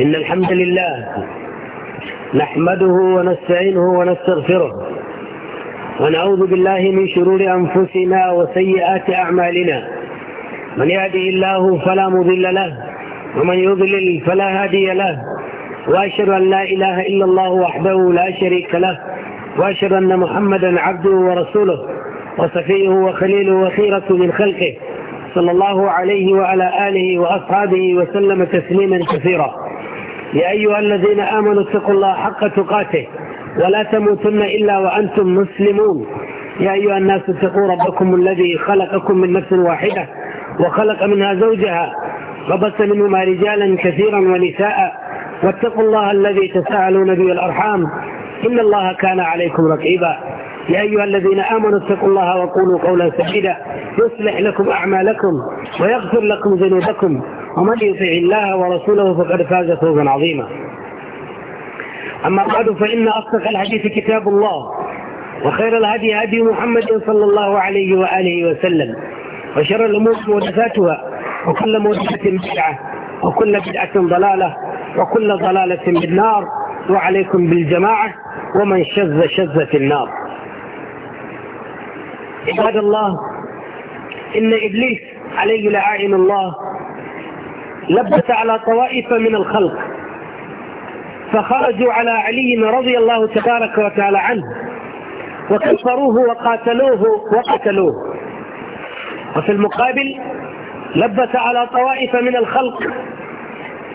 إن الحمد لله نحمده ونستعينه ونستغفره ونعوذ بالله من شرور أنفسنا وسيئات أعمالنا من يهده الله فلا مضل له ومن يضلل فلا هادي له وأشهد أن لا إله إلا الله وحده لا شريك له وأشهد أن محمدا عبده ورسوله وصفيه وخليله وخيرة من خلقه صلى الله عليه وعلى آله وأصحابه وسلم تسليما كثيرا يا أيها الذين آمنوا اتقوا الله حق تقاته ولا تموتن إلا وأنتم مسلمون يا أيها الناس اتقوا ربكم الذي خلقكم من نفس واحدة وخلق منها زوجها وبث منهما رجالا كثيرا ونساء واتقوا الله الذي تساءلون به الأرحام إن الله كان عليكم رقيبا يا أيها الذين آمنوا اتقوا الله وقولوا قولا سديدا يصلح لكم أعمالكم ويغفر لكم ذنوبكم ومن يطع الله ورسوله فقد فاز فوزا عظيما أما بعد فإن أصدق الحديث كتاب الله وخير الهدي هدي محمد صلى الله عليه وآله وسلم وشر الأمور مودفاتها وكل محدثة بدعة وكل بدعة ضلالة وكل ضلالة بالنار وعليكم بالجماعة ومن شذ شذ في النار عباد الله إن إبليس عليه لعائن الله لبس على طوائف من الخلق فخرجوا على علي رضي الله تبارك وتعالى عنه وكفروه وقاتلوه وقتلوه وفي المقابل لبس على طوائف من الخلق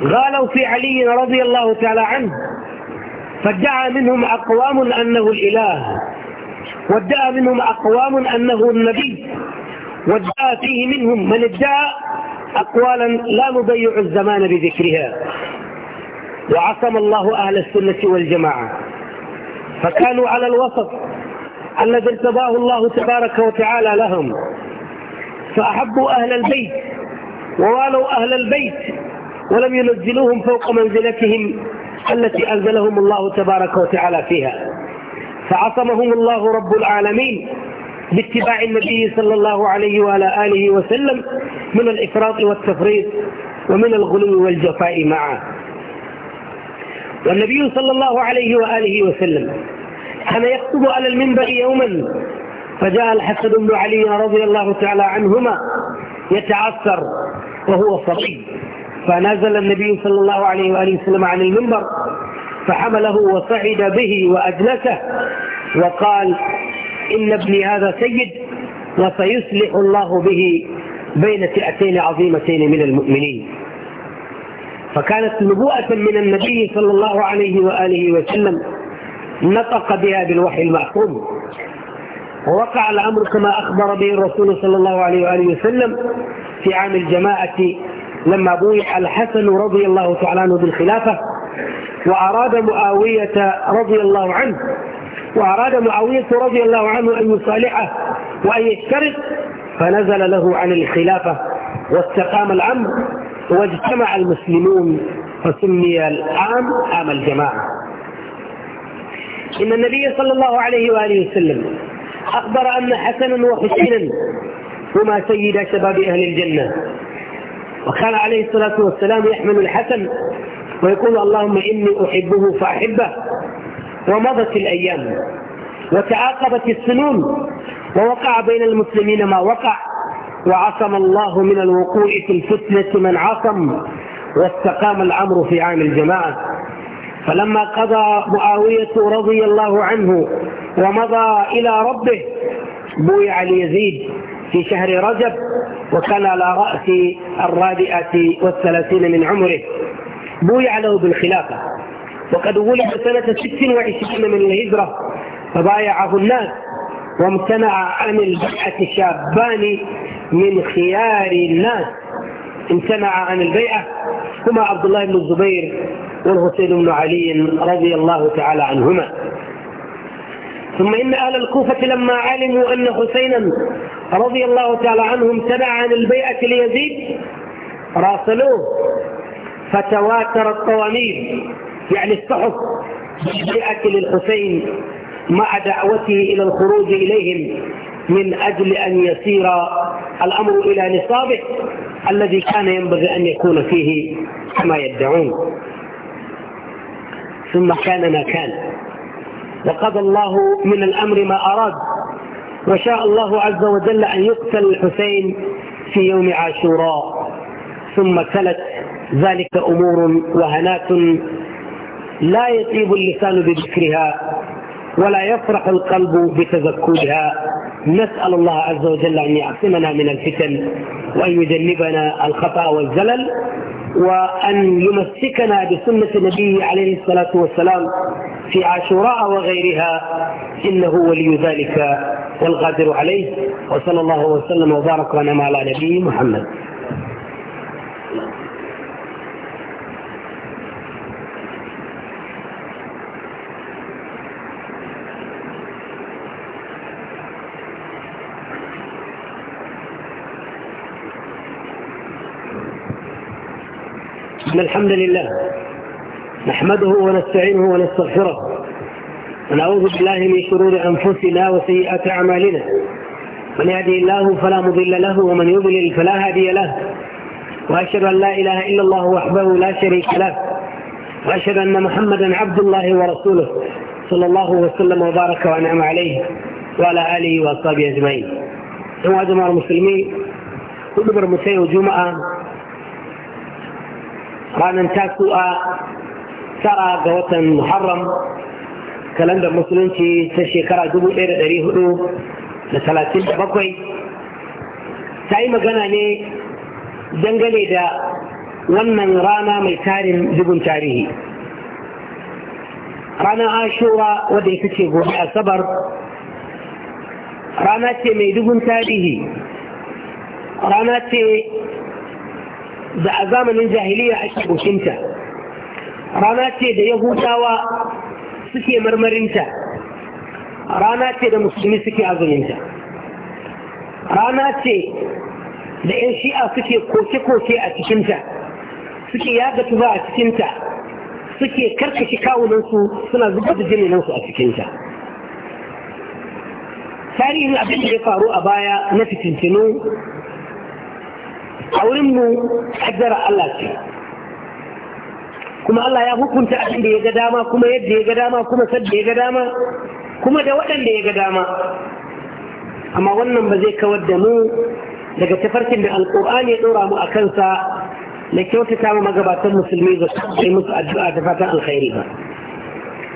غالوا في علي رضي الله تعالى عنه فادعى منهم أقوام أنه الإله وادعى منهم أقوام أنه النبي وادعى فيه منهم من ادعى أقوالا لا نضيع الزمان بذكرها وعصم الله أهل السنة والجماعة فكانوا على الوسط الذي ارتضاه الله تبارك وتعالى لهم فأحبوا أهل البيت ووالوا أهل البيت ولم ينزلوهم فوق منزلتهم التي أنزلهم الله تبارك وتعالى فيها فعصمهم الله رب العالمين باتباع النبي صلى الله عليه وعلى آله وسلم من الإفراط والتفريط ومن الغلو والجفاء معه والنبي صلى الله عليه وآله وسلم كان يخطب على المنبر يوما فجاء الحسن بن علي رضي الله تعالى عنهما يتعثر وهو صبي فنزل النبي صلى الله عليه وآله وسلم عن المنبر فحمله وصعد به وأجلسه وقال إن ابني هذا سيد وسيصلح الله به بين فئتين عظيمتين من المؤمنين فكانت نبوءة من النبي صلى الله عليه وآله وسلم نطق بها بالوحي المعصوم ووقع الأمر كما أخبر به الرسول صلى الله عليه وآله وسلم في عام الجماعة لما بويع الحسن رضي الله تعالى عنه بالخلافة وأراد معاوية رضي الله عنه وأراد معاوية رضي الله عنه أن يصالحه وأن يشترك فنزل له عن الخلافة واستقام الأمر واجتمع المسلمون فسمي العام عام الجماعة إن النبي صلى الله عليه وآله وسلم أخبر أن حسنا وحسينا هما سيدا شباب أهل الجنة وكان عليه الصلاة والسلام يحمل الحسن ويقول اللهم إني أحبه فأحبه ومضت الأيام وتعاقبت السنون ووقع بين المسلمين ما وقع وعصم الله من الوقوع في الفتنة من عصم واستقام الأمر في عام الجماعة فلما قضى معاوية رضي الله عنه ومضى إلى ربه بويع ليزيد في شهر رجب وكان على رأس الرابعة والثلاثين من عمره بويع له بالخلافة وقد ولد سنة 26 من الهجرة فبايعه الناس وامتنع عن البيعة شابان من خيار الناس امتنع عن البيعة هما عبد الله بن الزبير والحسين بن علي رضي الله تعالى عنهما ثم إن أهل الكوفة لما علموا أن حسينا رضي الله تعالى عنه امتنع عن البيعة ليزيد راسلوه فتواتر الطواميس يعني الصحف بجاءة للحسين مع دعوته إلى الخروج إليهم من أجل أن يسير الأمر إلى نصابه الذي كان ينبغي أن يكون فيه كما يدعون ثم كان ما كان وقضى الله من الأمر ما أراد وشاء الله عز وجل أن يقتل الحسين في يوم عاشوراء ثم تلت ذلك أمور وهنات لا يطيب اللسان بذكرها ولا يفرح القلب بتذكرها نسأل الله عز وجل أن يعصمنا من الفتن وأن يجنبنا الخطأ والزلل وأن يمسكنا بسنة نبيه عليه الصلاة والسلام في عاشوراء وغيرها إنه ولي ذلك والقادر عليه وصلى الله وسلم وبارك ونعم على نبيه محمد إن الحمد لله نحمده ونستعينه ونستغفره ونعوذ بالله من شرور أنفسنا وسيئات أعمالنا من يهدي الله فلا مضل له ومن يضلل فلا هادي له وأشهد أن لا إله إلا الله وحده لا شريك له وأشهد أن محمدا عبد الله ورسوله صلى الله وسلم وبارك وأنعم عليه وعلى آله وأصحابه أجمعين ثم أجمع المسلمين كل برمسي وجمعة ranar tasu'a tara ga watan muharram kalandar musulunci ta shekara 1437 ta yi magana ne dangane da wannan rana mai tarin zubin tarihi ranar ashowa wadda ya ce gobe asabar rana ce mai dubun tarihi rana ce da a zamanin jahiliya ake goshinta rana ce da yahudawa suke marmarinta rana ce da musulmi suke azuminta rana ce da 'yan shi'a suke koke-koke a cikinta suke yaga tuba a cikinta suke karkashi kawunansu suna zubar da jininansu a cikinta tarihin abin da ya faru a baya na fitintinu a wurinmu kaddara Allah ce kuma Allah ya hukunta abin da ya ga dama kuma yadda ya ga dama kuma sadda ya ga dama kuma da waɗanda ya ga dama amma wannan ba zai kawar da mu daga tafarkin da alƙur'ani ya ɗora mu a kansa na kyautata ma magabatan musulmi da sai musu addu'a da fatan alkhairi ba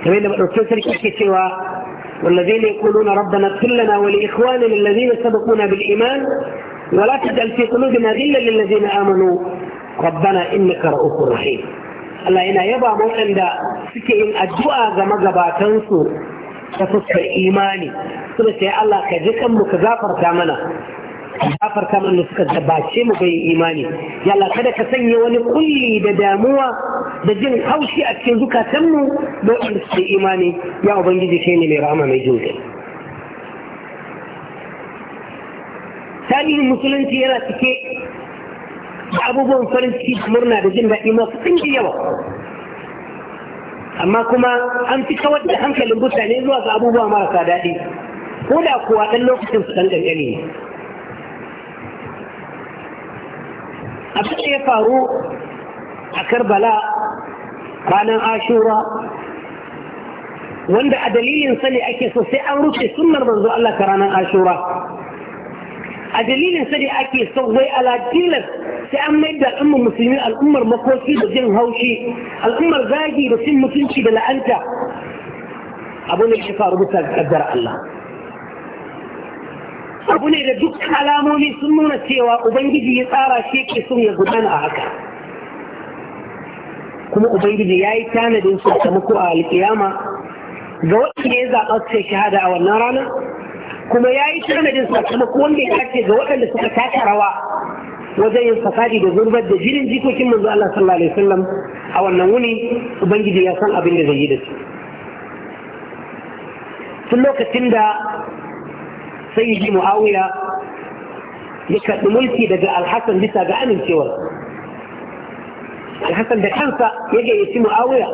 kamar yadda maɗaukin sarki ke cewa والذين يقولون ربنا اغفر لنا ولإخواننا الذين سبقونا بالإيمان ولا تجعل في قلوبنا غلا للذين امنوا ربنا انك رؤوف رحيم الله ينا يبا موعدا عند سكين الدعاء كما غباتنسو تفسر ايماني سبت يا الله كجك امك زافر تامنا زافر تامنا سكا زباشي مبي ايماني يا الله كدا كسني وني كلي دداموا دجن خوشي اكين زكا تمو لو ايماني يا ابن جيجي كيني لرامة مجوزي تالي المسلمين في يلا تكي أبو بون فرنسي مرنا بجنة إما تنجي يوا أما كما أنت كود أنك لنبوت عن إلوا أبو بون ما سادتي ولا أقوى أن لو كنت سنجا جليل أبقى يفارو أكربلا رانا آشورا wanda a dalilin sani ake so sai an rufe sunnar manzo a dalilin sa ake son wai ala tilas sai an mai da al'ummar musulmi al'ummar makoki da jin haushi al'ummar zagi da cin mutunci da la'anta abu ne shi faru bisa kaddar Allah abu ne da duk alamomi sun nuna cewa ubangiji ya tsara shi ke son ya gudana a haka kuma ubangiji ya yi tanadin sakamako a alkiyama ga wanda ya zaɓa sai shahada a wannan rana kuma ya yi tanadin sakamako wanda ya dace ga waɗanda suka taka rawa wajen yin fasadi da zurbar da jinin jikokin manzo Allah sallallahu alaihi wasallam a wannan wuni ubangiji ya san abin da zai yi da su tun lokacin da sayyidi muawiya ya karɓi mulki daga alhassan bisa ga amincewar alhassan da kansa ya gayyaci muawiya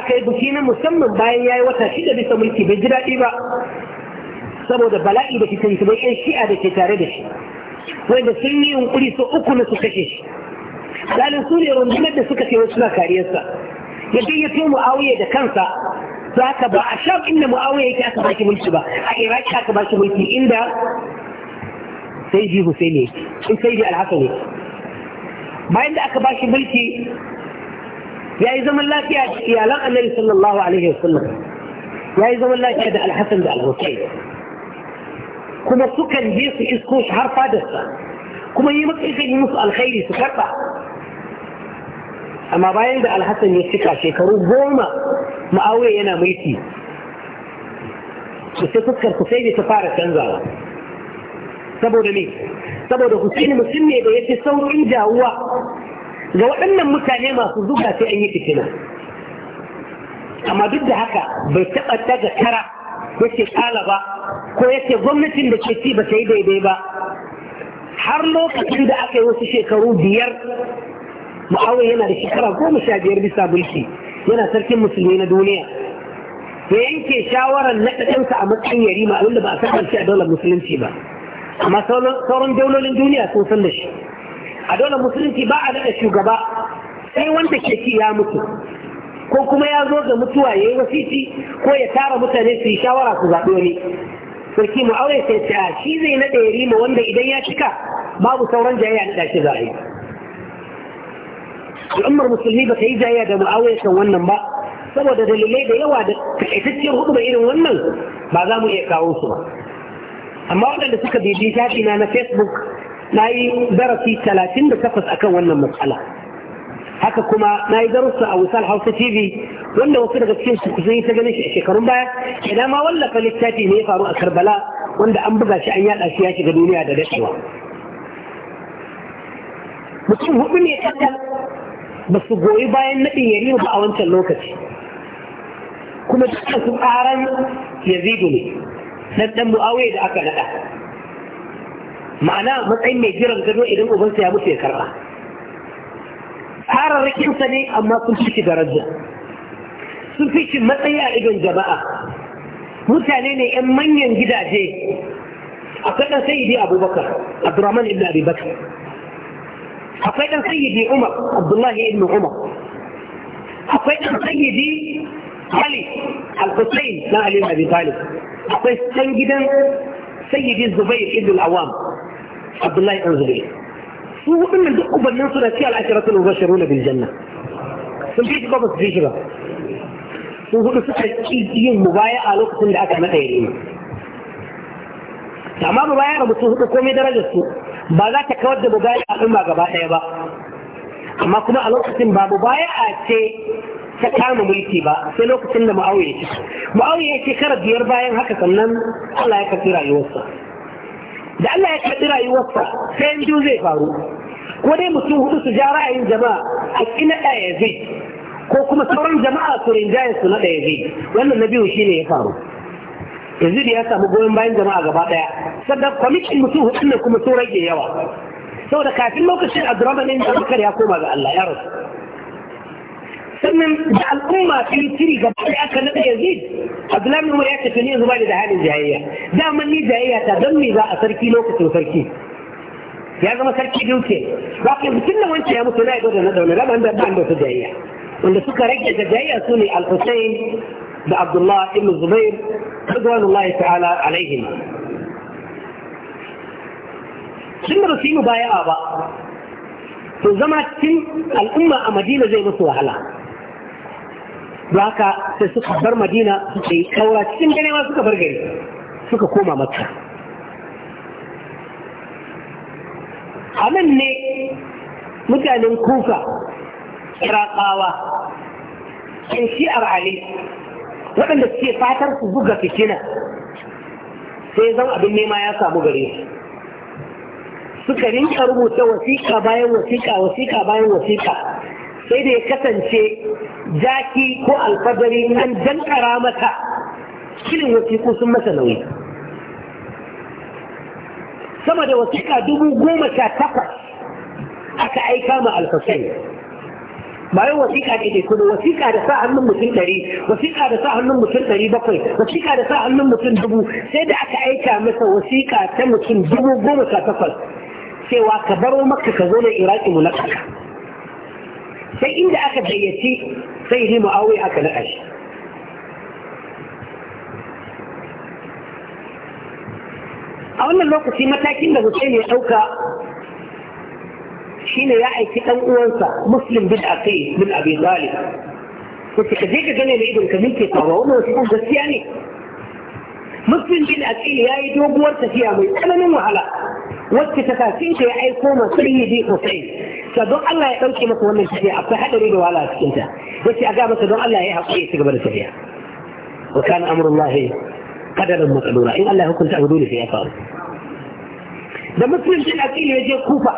aka yi buki na musamman bayan ya yi wata shida bisa mulki bai ji daɗi ba saboda bala'i da ke kan shi da yan shi'a da ke tare da shi wanda sun yi yunkuri so uku na su kashe shi alhalin su ne rundunar da suka ce wasu na kariyarsa ya gayyato mu'awiya da kansa zaka ba a sham inda mu'awiya yake aka baki mulki ba a iraki aka baki mulki inda sai ji husaini in sai ji alhassan ne bayan da aka bashi mulki ya yi zaman lafiya da iyalan annabi sallallahu alaihi wasallam ya yi zaman lafiya da alhassan da alhussein kuma sukan je su isko shi har sa, kuma yi maka ikan yi musu alkhairi su karɓa amma bayan da alhassan ya cika shekaru goma ma'auye yana mulki su sai fuskar husaini ta fara canzawa saboda ne saboda husaini mutum ne da ya fi saurin jawuwa ga waɗannan mutane masu zuga sai an yi fitina amma duk da haka bai taɓa daga tara. yake ɗalaba ko yake gwamnatin da ke ci ba ta yi daidai ba har lokacin da aka yi wasu shekaru biyar mu'awiyar yana da shekara goma sha biyar bisa mulki yana sarkin musulmi na duniya ya yanke shawarar naɗaɗinsa a matsayin yarima wanda ba a san shi a daular musulunci ba amma sauran daulolin duniya sun san da shi a daular musulunci ba a daɗa shugaba sai wanda ke ci ya mutu ko kuma ya zo ga mutuwa ya yi wasiti ko ya tara mutane su yi shawara su zaɓi wani sarki mu aure sai ta shi zai naɗa ya rima wanda idan ya cika babu sauran jayayya na ɗashi za a yi al'ummar musulmi ba ta yi jayayya da mu'awiyar kan wannan ba saboda dalilai da yawa da takaitacciyar hudu irin wannan ba za mu iya kawo su ba amma waɗanda suka bibi shafi na na facebook na yi darasi talatin da takwas akan wannan matsala haka kuma na yi darussa a wisal hausa tv wanda wasu daga cikin su kusan yi ta ganin shi a shekarun baya ina ma wallafa littafi ne ya faru a karbala wanda an buga shi an yada shi ya shiga duniya da daɗewa mutum hudu ne kaɗan ba su goyi bayan naɗin yarima ba a wancan lokaci kuma dukkan su ƙaran yazidu ne na ɗan mu'awiyar da aka naɗa ma'ana matsayin mai jiran gado idan ubansa ya mutu ya karɓa tsararrakinsa ne amma sun fi daraja sun fi shi matsayi a idon jama'a mutane ne 'yan manyan gidaje akwai ɗan sayyidi abubakar abdurrahman ibn abubakar akwai ɗan sayyidi umar abdullahi ibn umar akwai ɗan sayyidi علي الحسين لا علي بن ابي طالب اخوي سيدنا سيد الزبير ابن العوام عبد الله بن زبير su waɗannan duk ubannin su da ci al'ashiratul mubashirun na biljanna. sun fi ba su fi shi ba sun hudu suka ki yin mubaya a lokacin da aka mata yare amma mubaya ga mutum hudu komai darajar su ba za ta kawar da mubaya al'umma gaba ɗaya ba amma kuma a lokacin ba mubaya a ce ta kama mulki ba sai lokacin da ma'auya ya ci ma'auya ya ce kara biyar bayan haka sannan Allah ya kafi rayuwarsa da Allah ya karɓi rayuwarsa sai biyu zai faru ko dai mutum hudu su ja ra'ayin jama'a a kina ɗaya zai ko kuma sauran jama'a su rinjaye su na ɗaya zai wannan na biyu shine ya faru yanzu da ya samu goyon bayan jama'a gaba ɗaya sannan kwamitin mutum hudu ne kuma sun rage yawa saboda kafin lokacin abdurrahman ibn abubakar ya koma ga Allah ya rasu يسمم دع الأمة في التريقة بحي أكا نبي يزيد قد لا من مرياتي في نيزو بالي دعان الجهية دا من نيزا هي تدمي ذا أسركي لوكت وفركي يا زما سركي جوتي لكن بكل ما أنت يا مسلمي دولة ندولة لا من بعد عنده في الجهية ولا سكر رجع الجهية سوني الحسين بعبد الله ابن الزبير رضوان الله تعالى عليهم sun da su yi mu baya ba to zama cikin al'umma a madina zai musu wahala baka sai suka bar madina suka yi kaura cikin gane suka bar gari suka koma makka a ne mutanen kufa irakawa in shi'ar ali waɗanda suke fatar su buga fitina sai zan abin nema ya samu gare suka rinka rubuta wasiƙa bayan wasiƙa wasiƙa bayan wasiƙa sai da ya kasance Zaki ko alfadari an dankara mata kilin wasiƙo sun masa nauyi sama da wasiƙa dubu goma sha takwas aka aika ma alfasai bayan wasiƙa ne kuma wasiƙa da sa hannun mutum ɗari wasiƙa da sa hannun mutum ɗari bakwai wasiƙa da sa hannun mutum dubu sai da aka aika masa wasiƙa ta mutum dubu goma sha takwas cewa ka baro maka ka zo na iraki mu na sai inda aka gayyaci سيد معاوية كان أشي أولا الموقف في متاكين له سيد يحوك شين يعي في أن أنسى مسلم بن أخي من أبي ظالم كنت خديجة جنيه لإيد الكميل في طوال ونسيبون يعني مسلم بن أخي يا يدوب ورسة فيها مي أنا نمو على وقت تفاسين يا أيقومة سيدي حسين صدق الله يقول كما تقول من الشيء أبتحد أريد وعلى أسكنته بس أقابك دون الله يحقي تقبل التهيئة وكان أمر الله قدرا مقدورا إن الله كنت تعبدون في أثار Da مسلم في الأكيل يجي كوفة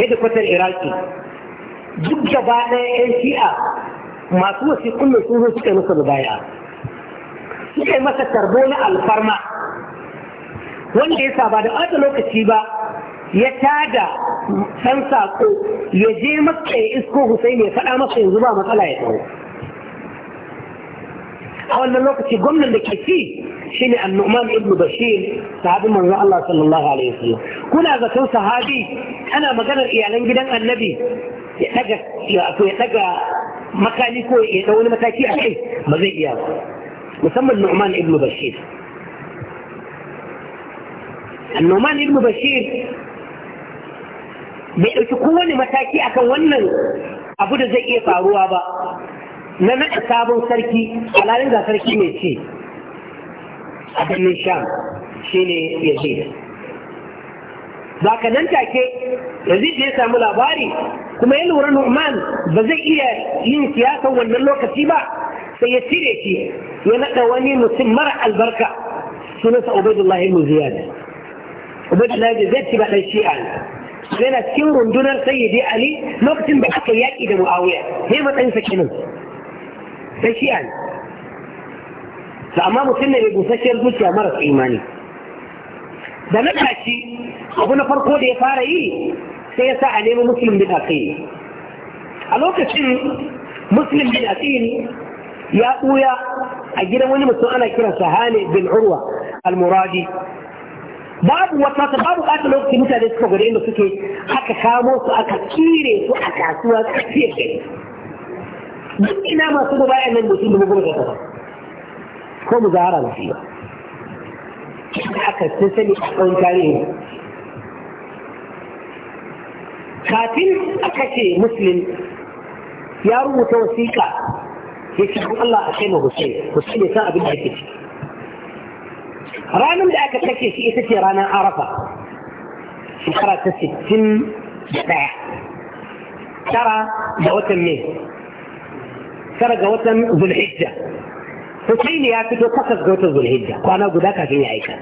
هذا كوتا Iraki, duk gaba ɗaya 'yan shi'a masu wasiƙun mai sun zo suka yi masa baya suka yi masa tarbo na alfarma wanda ya saba da wata lokaci ba ya tada san sako ya je makka ya isko Hussein ya faɗa masa yanzu ba matsala ya tsawo a wannan lokaci gwamnan da ke ci shine annu'man ibn bashir sahabin manzon Allah sallallahu alaihi wasallam kuna zaton sahabi ana maganar iyalan gidan annabi ya daga ya daga makani ko ya da wani mataki a kai ba zai iya ba musamman nu'man ibn bashir annu'man ibn bashir bai ɗauki kowane mataki akan wannan abu da zai iya faruwa ba na naɗa sabon sarki alalin ga sarki mai ce a birnin sham shi ne yazid ba ka nan take yazid ya samu labari kuma ya lura nu'man ba zai iya yin siyasar wannan lokaci ba sai ya cire shi ya naɗa wani mutum mara albarka sunansa ubaidullahi muziyad ubaidullahi zai ci ba ɗan shi'a yana cikin rundunar sayyidi ali lokacin da aka yaƙi da muawiya sai matsayinsa kenan sai shi ne da amma mutum ne mai busasshiyar zuciya maras imani da na tashi abu na farko da ya fara yi sai ya sa a nemi musulun bin asiri a lokacin musulun bin asiri ya ɓuya a gidan wani mutum ana kiransa hane bin urwa al-muradi babu wata ta babu ƙasa lokacin mutane suka gwada inda suke aka kamo su aka kire su a kasuwa su tsakiyar gari duk ina masu da bayan nan mutum dubu goma da ko mu zahara da shi ba aka sun sani a tsawon tarihi kafin a kashe muslim ya rubuta wasiƙa ya ce Allah a kai ma Hussein Hussein ya san abin da yake ciki رانا من الآكا تكي في إثتي رانا عرفة في خرا تسي تم بتاع ترى جوتم مي ترى جوتم ذو الحجة تسيني يا كتو تقف جوتم ذو الحجة وانا قد اكا في نعيكا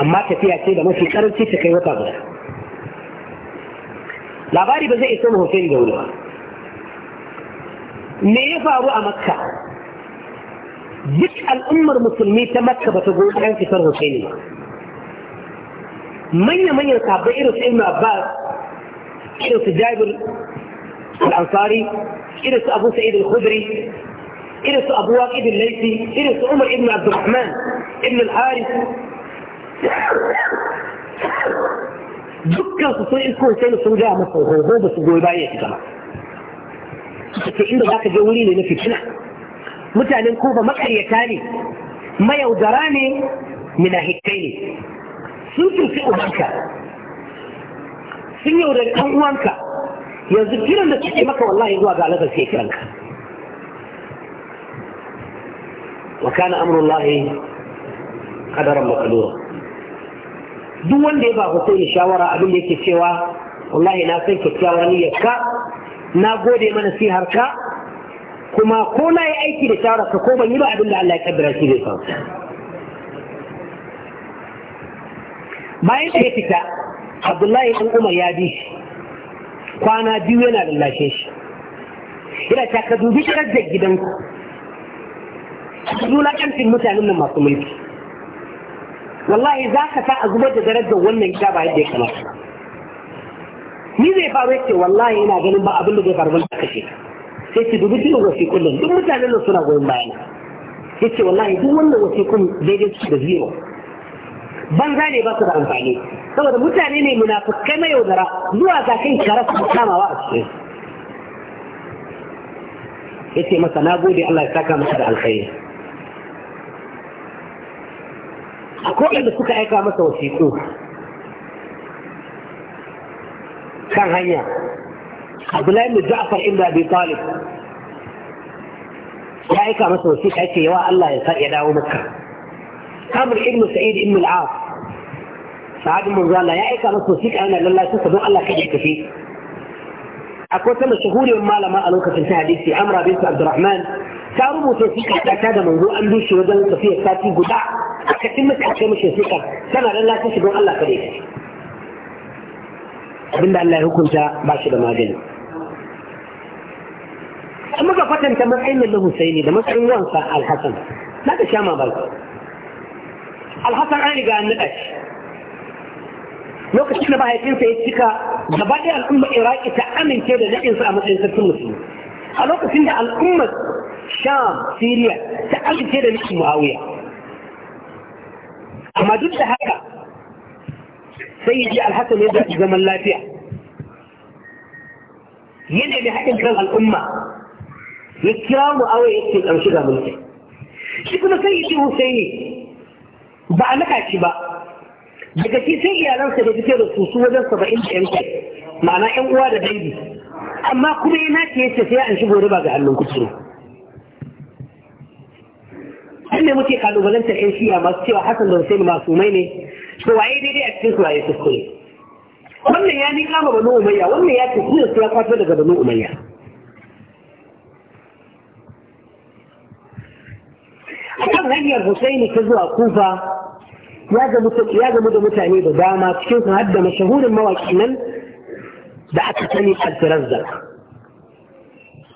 أما تفيا سيدا ما في قرر تسي كي وطا بلا لا باري بزي اسمه فين جولوها ميفا رؤى مكة يسعى الأمر مسلمي تمكة بتقول عن كفر حسيني من من يتعب إرس إبن عباس إرس جابر الأنصاري إرس أبو سعيد الخدري إرس أبو واقيد الليثي إرس عمر إبن عبد الرحمن إبن الحارث دكا سوي إلكو حسين سوجا مصر هو هو بس قول بعيه كما سوكي عنده باقي جولي لنفي كنا mutanen kufa makaryata ne mayaudara ne munafikai ne sun cuci ubanka sun yaudari ɗan uwanka yanzu kiran da suke maka wallahi zuwa ga alaƙar sai kiranka wa kana amrullahi qadaran maqdura duk wanda ya ba ku Hussein shawara abin da yake cewa wallahi na san kyakkyawar niyyarka na gode mana siharka kuma ko na yi aiki da shawara ka ko ban yi ba abin da Allah ya kaddara shi zai samu bayan ya fita Abdullahi ɗan Umar ya bi kwana biyu yana lallashe shi yana ta ka dubi shirar da gidanku zula ƙarfin mutanen nan masu mulki wallahi za ka sa a zubar da darajar wannan gida ba yadda ya kamata ni zai faru ya ce wallahi ina ganin ba abin da zai faru ba kashe ka sai ki dubi duk wasiƙun duk mutanen nan suna goyon bayana sai ce wallahi duk wannan wasiƙun daidai su da zero banza ne ba su da amfani saboda mutane ne munafukai mai yaudara zuwa ga kai kara su wa a cikin ya ce masa na gode Allah ya saka masa da alkhairi akwai inda suka aika masa wasiƙu kan hanya عبد الله بن جعفر ابن ابي طالب يا ايكا مثلا في حكي يا الله يا داو مكه امر ابن سعيد ابن العاص سعد بن زال يا ايكا مثلا في انا لله سوف دون الله كيف يكفي اكو سنه شهور يوم ما لما الوك في الحديث امر بنت عبد الرحمن صار مو توثيق حتى كاد من هو ان دوش ودن كفي ساتي غدا كتم كتم توثيق سنه لله سوف الله كريم. يكفي بالله الله يحكم ذا ماشي بما جنه in muka kwatanta matsayin da Husaini da matsayin wansa Al-Hassan ka sha ma ba ka? Alhassan an riga an naɗa shi lokacin da mahaifinsa ya cika gaba ɗaya al'ummar Iraki ta amince da naɗinsa a matsayin sarkin musulmi a lokacin da al'ummar Sham Syria ta amince da naɗin Muawiya amma duk da haka sai ya ji al ya zaɓi zaman lafiya yana da haɗin kan al'umma ya kira mu awai ya ce ƙarshe ga mulki shi kuma sai yake husaini ba a naka shi ba daga shi sai iyalansa da suke da su wajen saba'in da yanke ma'ana yan uwa da dangi amma kuma yana ce yace sai an shigo riba ga hannun kuciro an ne muke kalubalantar yan shi'a masu cewa hassan da husaini masu mai ne to waye daidai a cikin su waye kuskure wannan ya nika ma banu umayya wannan ya ce su su ya kwato daga banu umayya hanyar Husaini ta zuwa Kufa ya gamu da mutane da dama cikin su har da mashahurin mawaƙi nan da aka sani Abdurazzaq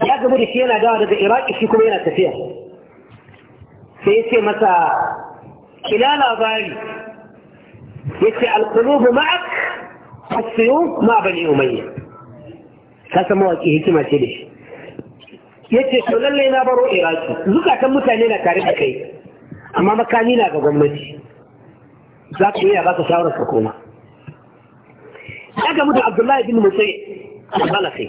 ya gamu da shi yana dawa daga Iraki shi kuma yana tafiya sai ya ce masa kila labari ya ce alkulubu ma'ak as-suyuf ma bani umayya ta san mawaki hikima ce da shi ya ce to lallai na baro Iraki zukatan mutane na tare da kai amma makami na ga gwamnati za ka iya ba ka shawarar ka koma ya gamu da abdullahi bin musai a balafai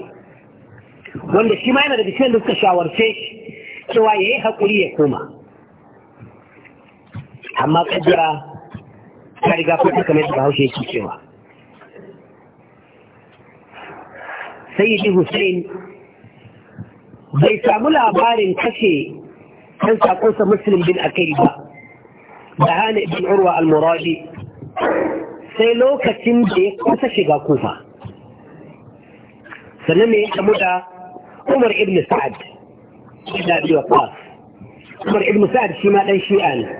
wanda shi ma yana da cikin da suka shawarce cewa ya yi haƙuri ya koma amma kajira ta riga ko ta kamar da haushe shi cewa sayyidi hussein bai samu labarin kashe حيث أقوص مسلم بن أكيبة بهانئ بن عروة المراجي سيلو كتن دي قوصة شغا كوفة سنمي حمودة عمر ابن سعد إذا بي وقاف عمر ابن سعد شما لن شيئا أنا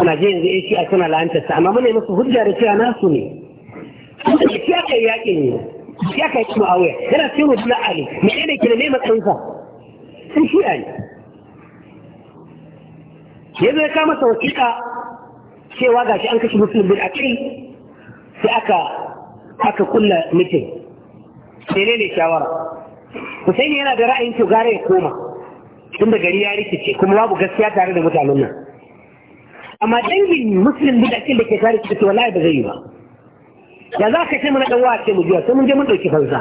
انا جين ذي إيشي أتنا لا أنت سعما من ينصف هدى رسيا ناسوني Siapa yang ini? Siapa yang semua awet? Kenapa semua bila ini? Mereka ini kena memang kawasan. sun shi yi ya zai kama sa wasiƙa cewa ga shi an kashe musulun bin akil sai aka aka kulla mutum. sai ne shawara ne yana da ra'ayin to gara ya koma tun da gari ya rikice kuma babu gaskiya tare da mutanen nan amma dangin musulun bin akil da ke tare da to wallahi ba zai yi ba ya za ka ce mana ɗan wa ce mu biya sai mun je mun ɗauki fansa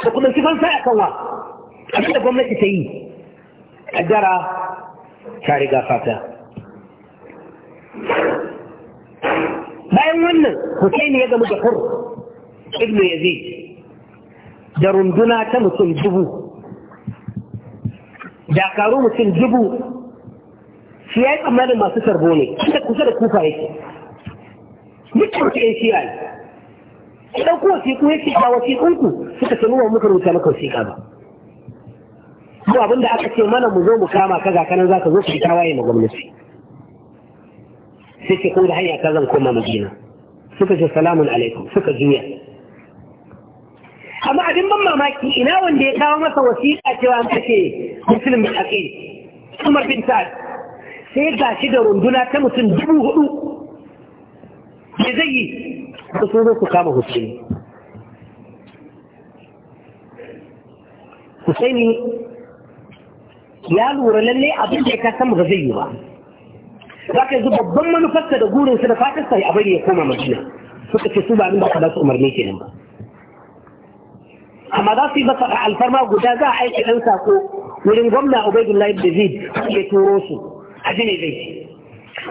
to ku ɗauki fansa kan wa abin da gwamnati ta yi ajara ta riga fata bayan wannan husaini ya gamu da hur ibnu yazid da runduna ta mutum dubu dakaru mutum dubu shi ya yi tsammanin masu sarbo ne inda kusa da kufa yake Mutum ta yi shiya ne ɗauko wasiƙu yake ba wasiƙunku suka ce wa muka rubuta maka wasiƙa ba Kuma abin da aka ce mana mu zo mu kama ka ga kanan ka zo ka yi tawaye na gwamnati sai ce kuma da hanya ka zan koma madina suka ce salamun alaikum suka juya amma abin ban mamaki ina wanda ya kawo masa wasiƙa cewa an kace muslim bin aqil umar bin sa'ad sai ga shi da runduna ta mutum dubu hudu me zai yi su zo ku kama husaini husaini ya lura lalle abin da ya ka san zai yi ba za ka yanzu babban manufarsa da gurinsa da fatarsa a bari ya koma madina suka ce su ba abin da aka ba su umarni ke nan ba amma za su yi masa alfarma guda za a aiki ɗan sako wurin gwamna ubaidullahi da zid ya turo su a jini zai ce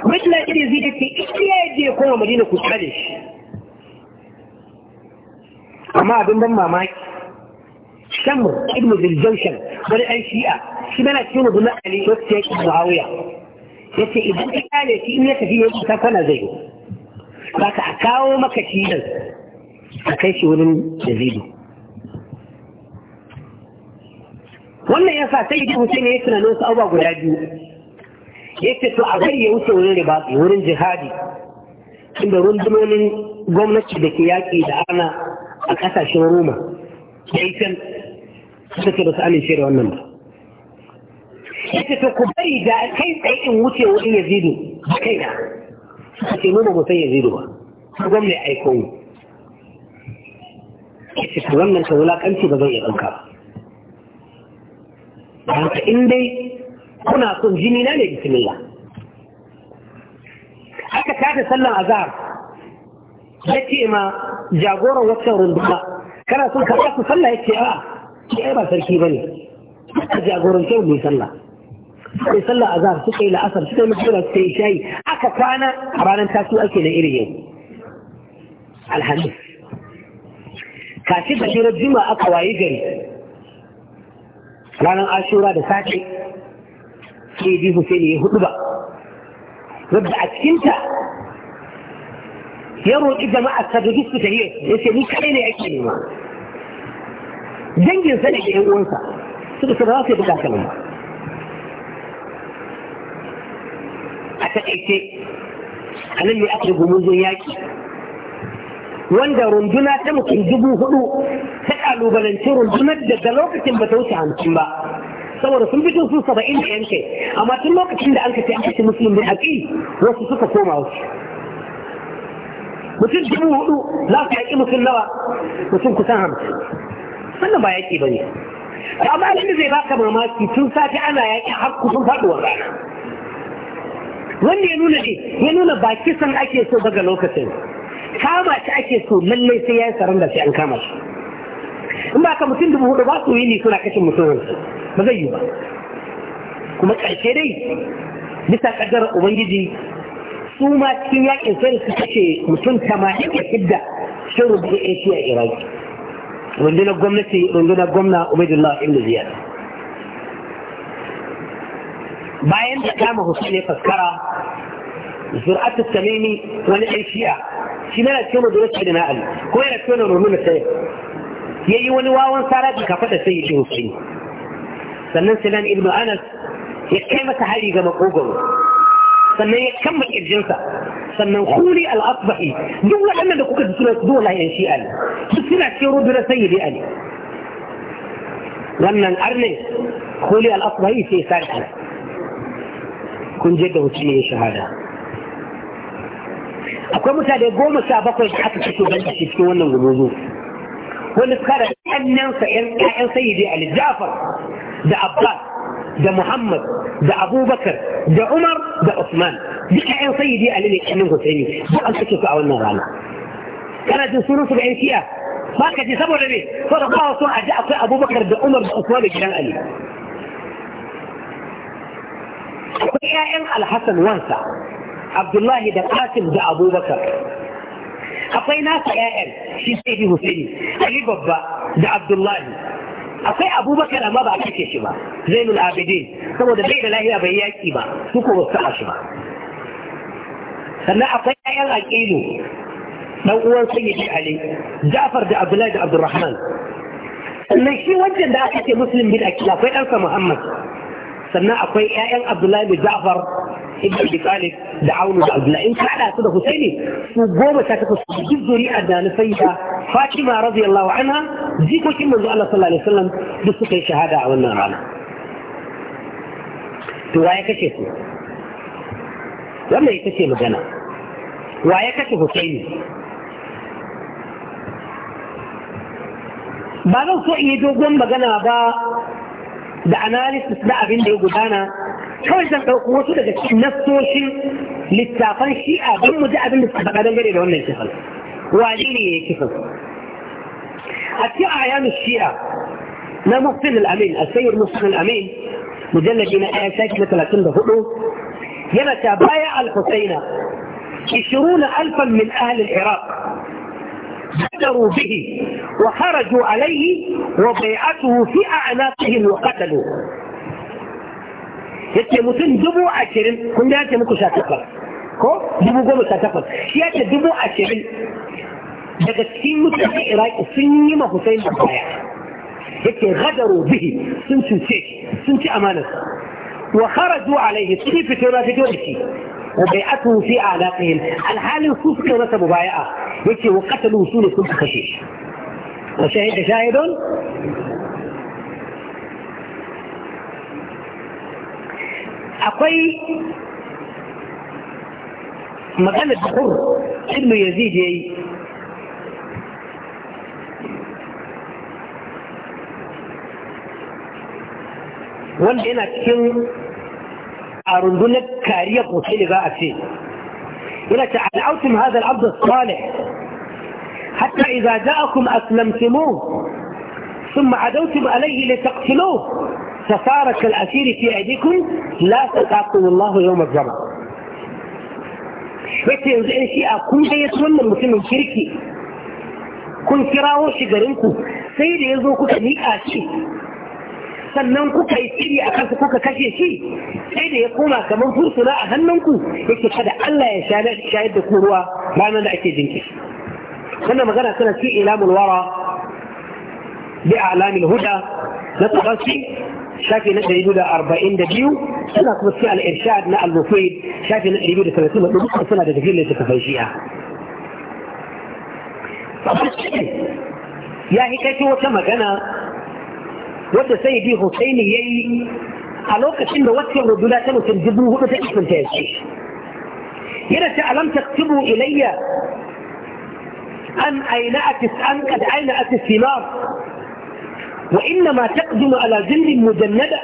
ubaidullahi da zid ya ce iya ya koma madina ku tsare shi amma abin ban mamaki shamur ibnu biljamshan wani ɗan shi'a shi mana cikin rundunar ali wasu ya ki muawiya ya ce idan ka kyale shi in ya tafi ya kusa kwana zai yi ba ka kawo maka shi nan a kai shi wurin yazidu wannan ya sa sai idan hussein ya tunanin wasu abubuwa guda biyu ya ce to a bari ya wuce wurin ribaɗi wurin jihadi inda rundunonin gwamnati da ke yaƙi da ana a ƙasashen roma da isan suka ce ba su amince da wannan ba yace to ku bari da kai tsaye in wuce wurin da kai na suka ce nuna ya yazidu ba ku gwamna ya aiko mu yace ta wannan ta wulakanci ba zan iya ɗauka ba haka in dai kuna son jini na ne bismillah aka tada sallan ya ce ma jagoran waccan runduna kana son ka ba su sallah yace ce ki ai ba sarki ba ka jagoran kai mai sallah sai sallah azhar suka yi la'asar suka yi magana suka yi shayi aka kwana a ranar tasu ake na irin yau alhamis kashi da shirar juma aka wayi gari ranar ashura da safe ke ji hussein ya hudu ba wadda a cikinta ya roƙi jama'a ta duk su ta yi ya ce ni kai ne ake nema danginsa da ke yan uwansa suka sarrafa su ya buƙata nan taƙaice a nan ne aka gumurzun yaƙi wanda runduna ta mutum dubu hudu ta ƙalubalanci rundunar daga lokacin ba ta wuce hamsin ba saboda sun fito su saba'in da yanke amma tun lokacin da an ka ce an kashe musulun bin haƙi wasu suka koma wasu mutum dubu hudu za su yaƙi mutum nawa mutum kusan hamsin sannan ba yaƙi ba ne amma abin da zai baka mamaki tun sati ana yaƙi har kusan faɗuwar rana wanda ya nuna ne ya nuna ba kisan ake so daga lokacin kama shi ake so lallai sai ya yi da sai an kama shi in ba ka mutum dubu hudu ba su yi ne suna kashe mutumin ba zai yi ba kuma ƙarshe dai bisa ƙaddarar ubangiji su ma cikin yakin sai su kashe mutum tamanin da fidda shirin da ya a iraki rundunar gwamnati rundunar gwamna ubaidullah ibn ziyar باين أحكام حسيني فذكرة زرعة التميمي والعيشية شمالة كونه دلوش لنا أل كوينة كونه رمونة سيئة يأي ونواوان سارات كفتة سيدي حسيني سننسى لان ابن أنس يكيمة هاي جمع قوقم سنن يكمل الجنسة سنن خولي الأطبحي دولة أنا لكوكة سنة دولة ينشي أل سنة كونه دولة سيئة أل ومن الأرنس خولي الأطبحي سيسارك kun je da mutum ya shahada akwai mutane goma sha bakwai da aka fito ban shi cikin wannan gumuzu wani kara ɗannansa ƴan ƴaƴan sayyidi ali jafar da abbas da muhammad da abubakar da umar da usman duk ƴaƴan sayyidi ali ne ƴaƴan husaini duk an sake su a wannan rana kana jin sunan su ga ƴan shi'a ba ka ji saboda me saboda ba wasu a ji akwai abubakar da umar da usman da gidan ali akwai 'ya'yan alhassan wansa abdullahi da qasim da abubakar akwai nasa 'ya'yan shi sai bi ali babba da abdullahi akwai abubakar amma ba a kashe shi ba zainul abidin saboda bai da lahiya bai yaki ba su ko wasu a shi ba sannan akwai 'ya'yan aqilu ɗan uwan sayyidi ali ja'far da abdullahi da abdurrahman sannan shi wajen da aka ce muslim bin akila akwai ɗansa muhammad sannan akwai ƴaƴan abdullahi bin ja'far ibn abi talib da aunu da abdullahi in ka hada su da husaini su goma ta takwas su duk zuri'a da na sayyida fatima radiyallahu anha zikokin manzo Allah sallallahu alaihi wasallam duk suka yi shahada a wannan rana to waye kace su wannan ita ce magana waye kace husaini ba zan so in yi dogon magana ba da analysis na abin da ya gudana kawai zan ɗauko wasu daga cikin nassoshin littafan shi'a don mu ji abin da suka faɗa dangane da wannan kifin wani ne ya kifin a cikin ayanu shi'a na muhsin al-amin a sayyid muhsin al-amin mujallabi na ɗaya shafi na talatin da hudu yana ta baya al-husaina 20 alfan min ahli al-iraq فاقتدروا به وخرجوا عليه وبيعته في أعناقهم وقتلوا yake mutum dubu ashirin kun da yake muku sha takwas ko dubu goma sha takwas shi yake dubu ashirin daga cikin mutane iraki sun yi ma Hussein da baya yake gadaro bihi sun cuce sun ci amanar wa kharaju alaihi sun fito na fito da shi وبيعته في اعناقهم الحال يكون فكر لك مبايعه يكفي وقتلوا وصول كل خشي وشاهد شاهد اقوي مكان الحر ابن يزيد وانت هنا كثير أرندون كارية قوتي لغاء فيه ولتعلقتم هذا العبد الصالح حتى إذا جاءكم أسلمتموه ثم عدوتم عليه لتقتلوه فصارك الأسير في أيديكم لا تتعقل الله يوم الجمع بيتي ينزعني شيئا كن جيتون من مسلم شركي كن كراوش قرنكو سيدي يزوكو تنيئا شيئا sannan kuka yi tsiri a kansu kuka kashe shi sai da ya koma kamar fursuna a hannunku yake kada Allah ya shayar da ku ruwa ranar da ake jinki wannan magana tana ci ilamul wara bi a'lamil huda na tabashi shafi na ɗari da arba'in da biyu suna kuma ci al-irshad na al-mufid shafi na ɗari da talatin da ɗaya suna da tafiyar da suka shi'a ya hikaito wata magana wadda sai bi Husaini ya yi a lokacin da wacce rubula ta mutum dubu hudu ta ismin ta yace yana ta alam taktubu ilayya an aina atis an kad aina atis simar wa inna ma taqdimu ala jindin mujannada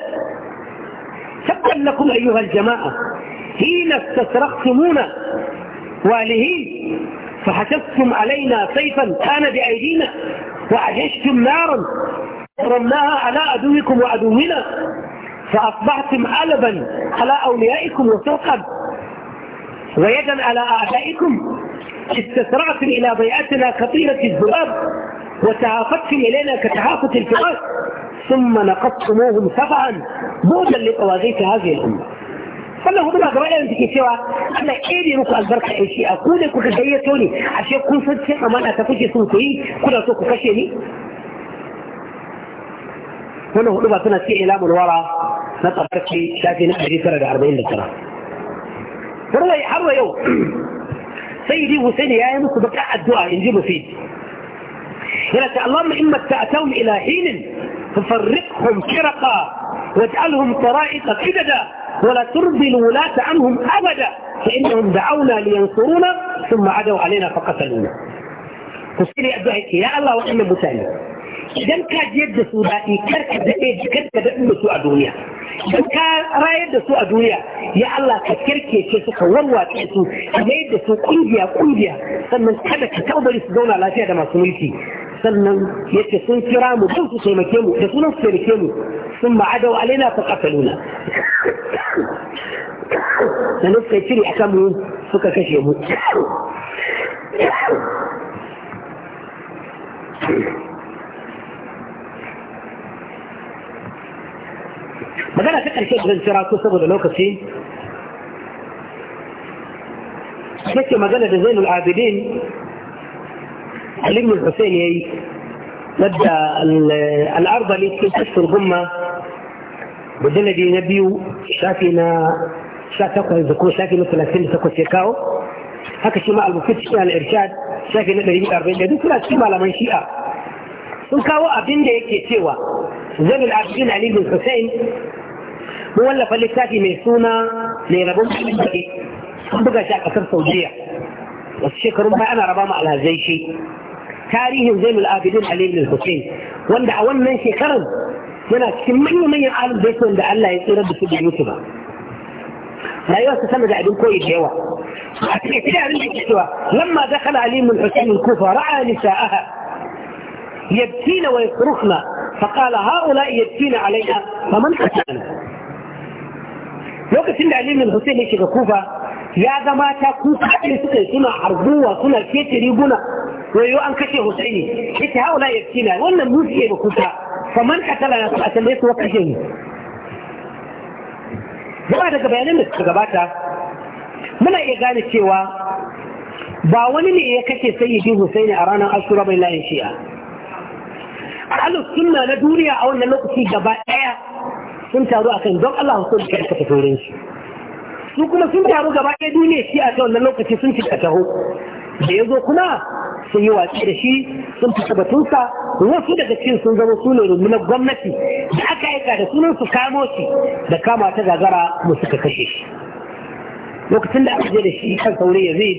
شكرا لكم أيها الجماعة حين استسرقتمونا والهين فحسبتم علينا سيفا كان بأيدينا وأجشتم نارا رمناها على عدوكم وعدونا فأصبحتم ألبا على أوليائكم وسرقا ويدا على أعدائكم استسرعتم إلى بيعتنا كطيرة الذباب وتعافتم إلينا كتعافة الفراش ثم نقصتموهم سبعا بودا لطواغيت هذه الأمة sannan hudu ba gaba ɗaya da ke cewa Allah ƙere muku albarka ya shi a ku ne kuka gayyato ne ashe kun san ce amana ta kuke sun ku wannan hudu ba suna ce ilamul wara na tsarkake shafi na ɗari tara da arba'in da tara sai har wa yau sayyidi husaini ya yi musu baka addu'a in ji mufid yana ta allahumma in matta'atahum ila hinin fafarriqhum firqa waj'alhum tara'iqa qidada ولا ترضي الولاة عنهم أبدا فإنهم دعونا لينصرونا ثم عدوا علينا فقتلونا. تسألي أدعي يا الله وإن بتاني idan ka je da su daɗi kar ka daɗe kar ka daɗin da su a duniya idan ka rayar da su a duniya ya Allah ka kirkece su ka warwace su ka mai da su kungiya kungiya sannan kada ka taubari su zauna lafiya da masu mulki sannan yace sun kira mu don su taimake mu da sunan su taimake mu sun ma'adau alaina fa qataluna sannan suka yi akan mu suka kashe mu Thank you. magana ta ƙarshe da jira ko saboda lokaci nake magana da zainul abidin alimin hussein ya yi wadda al'arbali cikin tashfin gumma mujalladi na biyu shafi na sha takwas da kuma shafi na talatin da takwas ya kawo haka shi ma albukin cikin al'irshad shafi na ɗari arba'in da duk suna cikin malaman shi'a sun kawo abin da yake cewa zainul abidin alimin hussein مولف لكاتي من سونا لربما بقى شاكا ترسو جيع والشيك ربما أنا ربما على هذا الشيء تاريخ زين الآبدين علي بن الحسين وان دعوان شيء كرم من من يمين عالم بيسو الله يسير رب سبي يوسف لا يوسف سمع دعوان كوي جيوا لما دخل علي بن الحسين الكوفة رأى نساءها يبكين ويصرخن فقال هؤلاء يبكين علينا فمن قتلنا lokacin da alimin hussein ya shiga kufa ya ga mata kuka ɗin suka yi suna arguwa suna kece riguna wayo an kashe husaini ita haula ya kina wannan musu ke kuka faman katala na a tambaye su kashe ni gaba daga bayanan da suka gabata muna iya gane cewa ba wani ne ya kashe sayyidin Hussein a ranar ashura bai layin shi'a ahlus sunna na duniya a wannan lokaci gaba ɗaya sun taru a kan don Allah hukun ka ta tafi shi su kuma sun taru gaba ɗaya duniya shi a ta wannan lokaci sun ci a taho da ya zo kuna sun yi watsi da shi sun fita batunsa wasu daga cikin sun zama sunan rundunar gwamnati da aka aika da sunan su kamo shi da kama ta gagara mu suka kashe shi lokacin da aka je da shi kan saurayi ya zai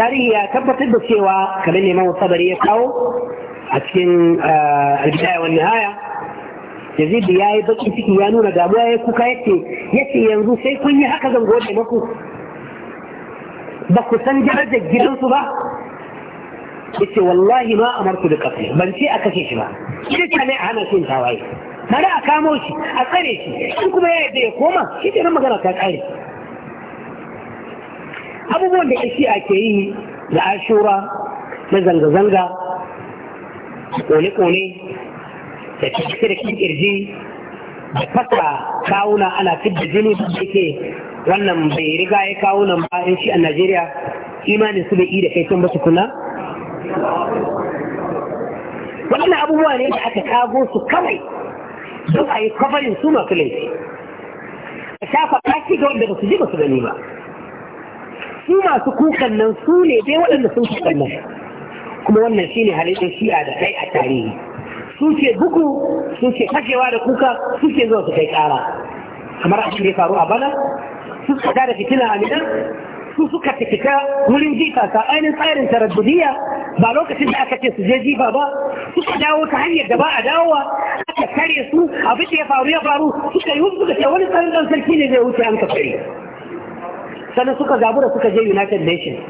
tarihi ya tabbatar da cewa kamar neman wasu sabari ya kawo a cikin albidaya wani haya yazid ya yi bakin ciki ya nuna damuwa ya kuka yace yace yanzu sai kun yi haka zan gode maku ba ku san darajar gidansu ba yace wallahi ma amarku da kafi ban ce a kashe shi ba shi ta ne a hana shi tawaye bari a kamo shi a tsare shi in kuma ya yadda ya koma shi ke nan magana ta kare abubuwan da a ke yi da ashura na zanga-zanga ƙone-ƙone. da kirkin kirji da fasa kawuna ana fidda jini da yake wannan bai riga ya kawo nan ba in shi a Najeriya imanin su bai da kai sun ba kula? wannan abubuwa ne da aka kago su kawai don a yi kwafarin su masu laifi a shafa kaki ga wanda ba su ji ba su gani ba su masu kukan nan su ne dai waɗanda sun kukan nan kuma wannan shine halittar shi'a da kai a tarihi suke bugu suke kashewa da kuka suke zuwa su kai kara kamar abin da ya faru a bana su suka da fitila a gidan, su suka tafiya wurin jifa ka ainihin tsarin taraddudiyya ba lokacin da aka ce su je jifa ba suka dawo ta hanyar da ba a dawowa aka kare su abin da ya faru ya faru suka yi hudu da wani tsarin dan sarki ne zai wuce an ka kare sannan suka zabu da suka je united nations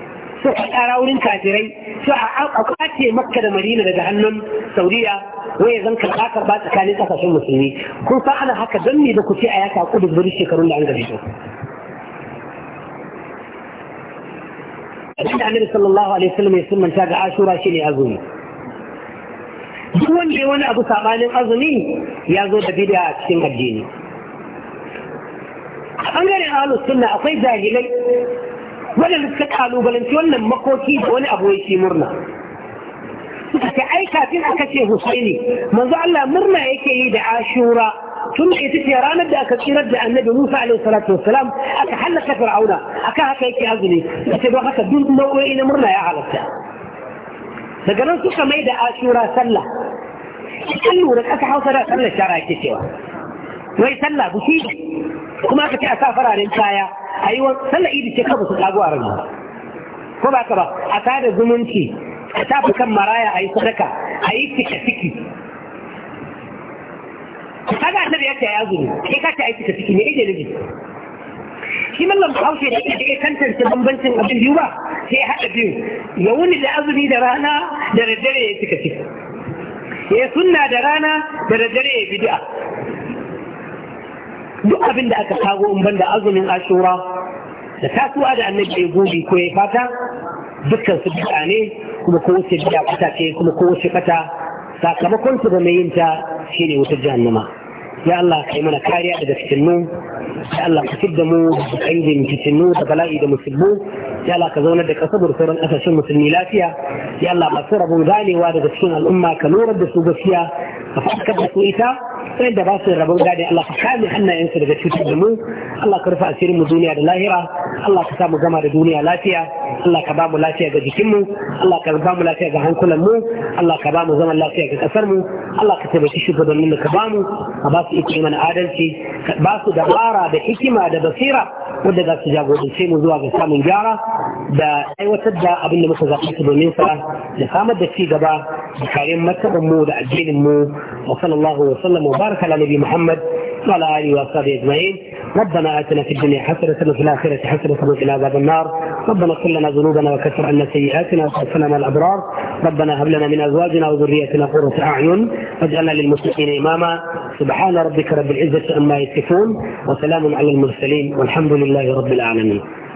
suka kara wurin kafirai su a kwace makka da madina daga hannun saudiya wai zan kan akar ba tsakanin kasashen musulmi kun fa ana haka don ne da ku ce a yaka ku da zuri shekarun da an gabe su abinda annabi sallallahu alaihi wasallam ya sunanta ga ashura shine azumi duk wanda wani abu sabanin azumi ya zo da bid'a a cikin addini a bangaren ahlus sunna akwai jahilai wanda suka kalubalanci wannan makoki da wani abu yake murna suka ce ai kafin aka ce Husaini manzo Allah murna yake yi da Ashura tun ita ce ranar da aka tsirar da Annabi Musa alaihi salatu wassalam aka halaka Fir'auna aka haka yake azumi sai don haka duk nau'o'i na murna ya halatta daga nan suka mai da Ashura sallah kan lura kasa Hausa da sallar shara yake cewa wai sallah buki kuma aka ce a sa fararen kaya ayi sallar idi ce kafa su kago ko ba ka ba a sada zumunci ka tafi kan maraya a yi sadaka a yi cika ciki kaga ta da yadda ya zo ne ka ce a yi cika ciki ne ake nufi shi mallam haushe da ke tantance bambancin abin biyu ba sai haɗa biyu ya wuni da azumi da rana da daddare ya cika ciki ya sunna da rana da daddare ya bid'a duk abin da aka kago in banda azumin ashura da tasuwa da annabi ya gobe ko ya fata dukkan su bid'a ne kuma kowace bid'a kata ce kuma kowace kata sakamakon su da mai ta shine wuta jahannama ya Allah kai mana kariya daga fitinu ya Allah ka fidda mu da kangin fitinu da bala'i da musulmu ya Allah ka zaunar da kasar da sauran kasashen musulmi lafiya ya Allah masu rabon ganewa daga cikin al'umma ka lura da su gaskiya ka faɗakar da su ita da ba su rabon gadi Allah ka kame hannayensu daga cutar da mu Allah ka rufe asirin mu duniya da lahira Allah ka samu gama da duniya lafiya Allah ka bamu lafiya ga jikinmu Allah ka bamu lafiya ga hankulan mu Allah ka bamu zama zaman lafiya ga kasar mu Allah ka taimaki shugabannin ka ba mu ka ba su iko iman adalci ka ba su dabara da hikima da basira wanda za su jagorance mu zuwa ga samun gyara da aiwatar da abin da muka zaɓi su domin sa da samar da ci gaba da kayan martabar mu da addinin mu wa sallallahu wa sallam وبارك على نبي محمد وعلى اله واصحابه اجمعين ربنا اتنا في الدنيا حسنه وفي الاخره حسنه وقنا عذاب النار ربنا اغفر لنا ذنوبنا وكفر عنا سيئاتنا وتوفنا مع الابرار ربنا هب لنا من ازواجنا وذريتنا قره اعين واجعلنا للمتقين اماما سبحان ربك رب العزه عما يصفون وسلام على المرسلين والحمد لله رب العالمين